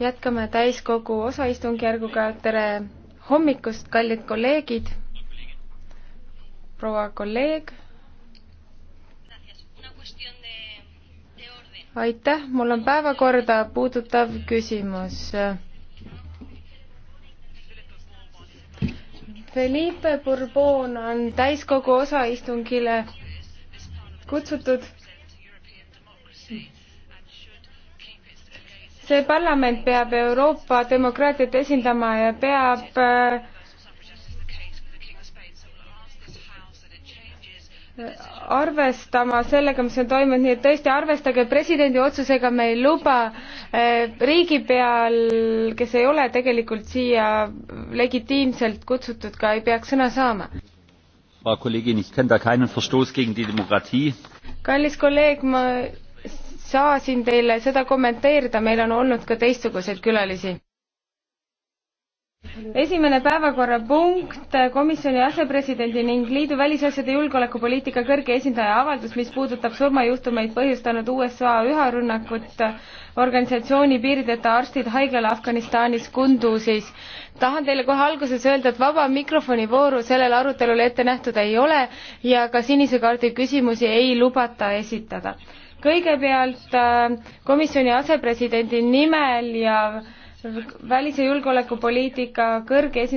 jätkame täiskogu osaistungjärguga, tere hommikust, kallid kolleegid, proua kolleeg. aitäh, mul on päevakorda puudutav küsimus. Felipe Bourbon on täiskogu osaistungile kutsutud see parlament peab Euroopa demokraatiat esindama ja peab äh, arvestama sellega, mis on toimunud, nii et tõesti arvestage presidendi otsusega, me ei luba äh, riigipeal, kes ei ole tegelikult siia legitiimselt kutsutud ka, ei peaks sõna saama. kallis kolleeg, ma saa siin teile seda kommenteerida, meil on olnud ka teistsuguseid külalisi. esimene päevakorrapunkt, komisjoni asepresidendi ning liidu välisasjade julgeolekupoliitika kõrge esindaja avaldus, mis puudutab surmajuhtumeid põhjustanud USA üharünnakut organisatsiooni Piirideta arstid haiglale Afganistanis Kundusis. tahan teile kohe alguses öelda, et vaba mikrofoni vooru sellel arutelul ette nähtud ei ole ja ka sinise kaardi küsimusi ei lubata esitada kõigepealt äh, komisjoni asepresidendi nimel ja välis ja julgeolekupoliitika kõrge esindaja